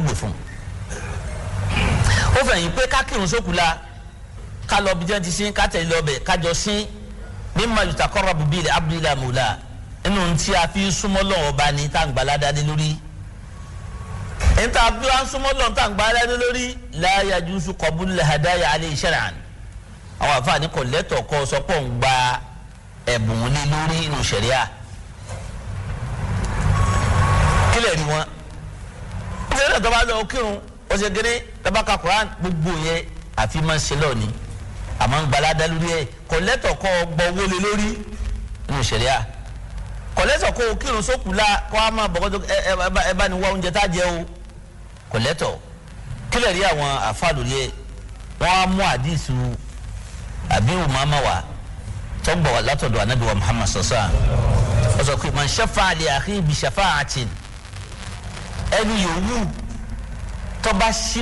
gbè fún un ó fẹ̀yìn pé ká kírun sókù la ká lọ bí jẹun ti sin ká tẹ̀lé ọbẹ̀ ká jọ sin bí mayuta kọ́ra bubi abudulayi mula nínú tí a fi súnmọ́ lọ́wọ́ bá ní tá à ń gbà ládàáni lórí níta bí wọ́n súnmọ́ lọ́wọ́ tá à ń gbà ládàáni lórí láyà jùsù kọ́bùn lẹ́hàdáyà alẹ́ ìṣẹ̀rẹ̀ àná àwọn àfààní kò lẹ́tọ̀ọ́ kọ́ sọ́pọ̀ ń gba ẹ̀bùn lé lórí inú ṣẹ̀ríà kílẹ̀ rí wọn kódà tó bá lọ kírun ó ṣe kéré tabaka Quran gbogbo yẹn àfi máa ń ṣe lọ ni àmọ́ ń gbalada lórí ẹ̀ kọ̀lẹ́tọ̀ kọ́ gbọ́ wọlé lórí nínú ìṣẹ̀lẹ̀ à kọ̀lẹ́tọ̀ kọ́ kírun sókù la kọ́ a máa bọ̀kọ́ tó ẹ bá ní wá oúnjẹ tá a jẹ o kọ̀lẹ́tọ̀ kílẹ̀ rí àwọn àfa lórí ẹ̀ wọ́n á mú àdìsù àbí umama wa tó ń bọ̀ wá látọ̀dọ̀ anabi wa Muhammad sọ̀sán ọ̀sọ̀ pé man shafa'a li akhihi bi shafa'atin ẹni yòówù. tó bá ṣí